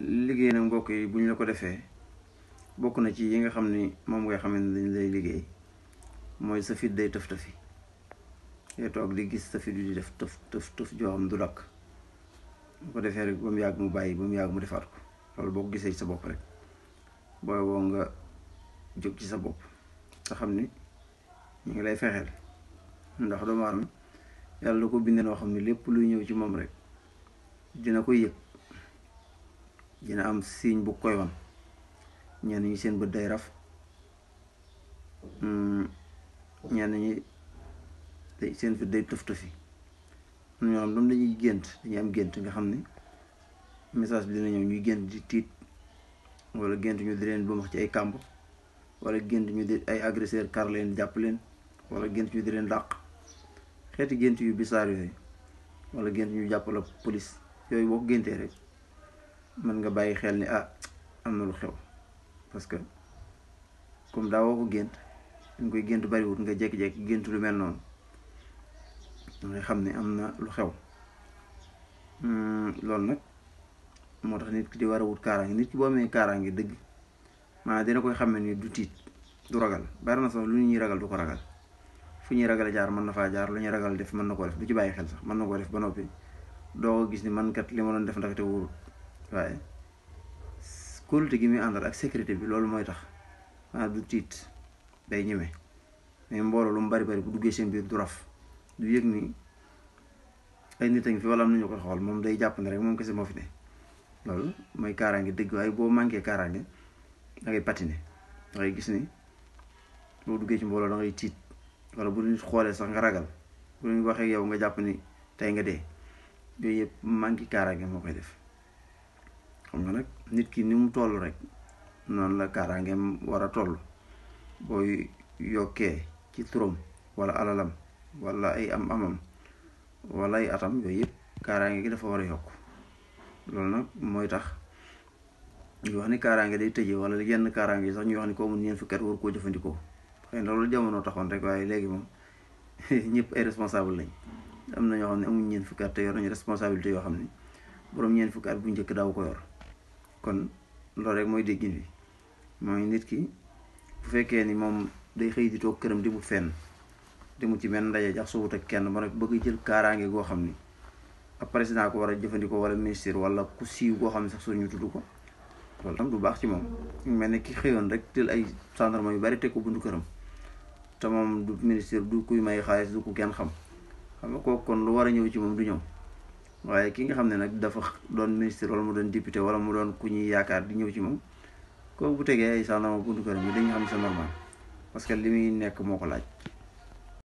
liggéey nag mbokk yi bu ñu la ko defee bokk na ci yi nga xam ni moom ngay xam ne dañ lay liggéey mooy sa fit day tëf tëfi ngay toog di gis sa fit di def tëf tëf tëf joo du dakk bu ko defee rek ba mu yàgg mu bàyyi ba mu yàgg mu defaat ko loolu boo ko gisee ci sa bopp rek booy woo nga jóg ci sa bopp sa xam ni ñu ngi lay fexeel ndax doomu aadama yàlla ko bind noo xam ne lépp luy ñëw ci moom rek dina ko yëg dina am signe bu koy wan ñenn ñi seen bët day raf hmm, ñenn ñi seen fit day tëf tëfi am ñoo xam dañuy gént dañuy am gént nga xam ni message bi dina ñëw ñuy gént di tiit wala gént ñu di leen ba max ci ay kàmb wala gént ñu di ay agresseur kar leen jàpp leen wala gént ñu di leen dàq xeeti gént yu bisaar yooyu wala gént ñu jàpp la police yooyu boo ko géntee rek mën nga bàyyi xel ni ah am na lu xew parce que comme daawoo ko gént dañ koy gént bariwut nga jékki-jékki gént lu mel noonu nga xam ne am na lu xew hmm, loolu nag moo tax nit ki di war a wut kaaraange nit ki boo amee ngi dëgg maanaam dina koy xam ne ni du tiit du ragal bari na sax lu ñuy ragal ko ragal fu ñuy ragal a jaar mën na faa jaar lu ñuy ragal def mën na koo def du ci bàyyi xel sax mën na koo def ba noppi doo ko gis ni man kat li ma doon def ndaxte wóorut waaye kóolute gi muy àndal ak sécurité bi loolu mooy tax a du tiit day ñëwe mais mbooloo lu mu bari bari bu duggee seen biir du raf du yëg ni ay nit a ngi fi wala am nañu ko xool moom day jàpp ne rek moom kese moo fi ne loolu mooy kaaraange dëgg waaye boo manqué kaaraange da ngay patiner da gis ni boo duggee ci mbooloo da ngay tiit wala bu ñu xoolee sax nga ragal bu ñu waxee yow nga jàpp ni tey nga dee yooyu yëpp manqué kaaraange moo koy def. xam nga nag nit ki ni mu toll rek noonu la kaaraangeem war a toll booy ci turam wala alalam wala ay am amam wala ay atam yooyu yëpp karange gi dafa war a yokk loolu nag mooy tax ñu wax ni karange day tëjee wala yenn karange yi sax ñu wax ni ko amul ñeen fukkat war koo jëfandikoo xëy na loolu jamono taxoon rek waaye léegi moom ñëpp ay responsable lañ am na ñoo xam ne amuñ ñeent te yor nañu responsabilité yoo xam ne borom ñeen fukkat bu njëkk daaw ko yor kon loolu rek mooy déggin bi mooy nit ki bu fekkee ni moom day xëy di toog këram demut fenn demut ci benn ndaje jax sowut ak kenn ba bëgg jël kaaraange goo xam ni ab président ko war a jëfandikoo wala ministre wala ku siiw goo xam ne sax ñu tudd ko loolu tam du baax ci moom mel ne ki xëyoon rek jël ay gendarme yu bari teg ko buntu këram te moom du ministre du kuy may xaalis du ku kenn xam xam nga kooku kon lu war a ñëw ci moom du ñëw waaye ki nga xam ne nag dafa doon ministre wala mu doon député wala mu doon ku ñuy yaakaar di ñëw ci moom kooku bu tegee ay sànnama buntu kër bi dañu xam ne c'est normal parce que li muy nekk moo ko laaj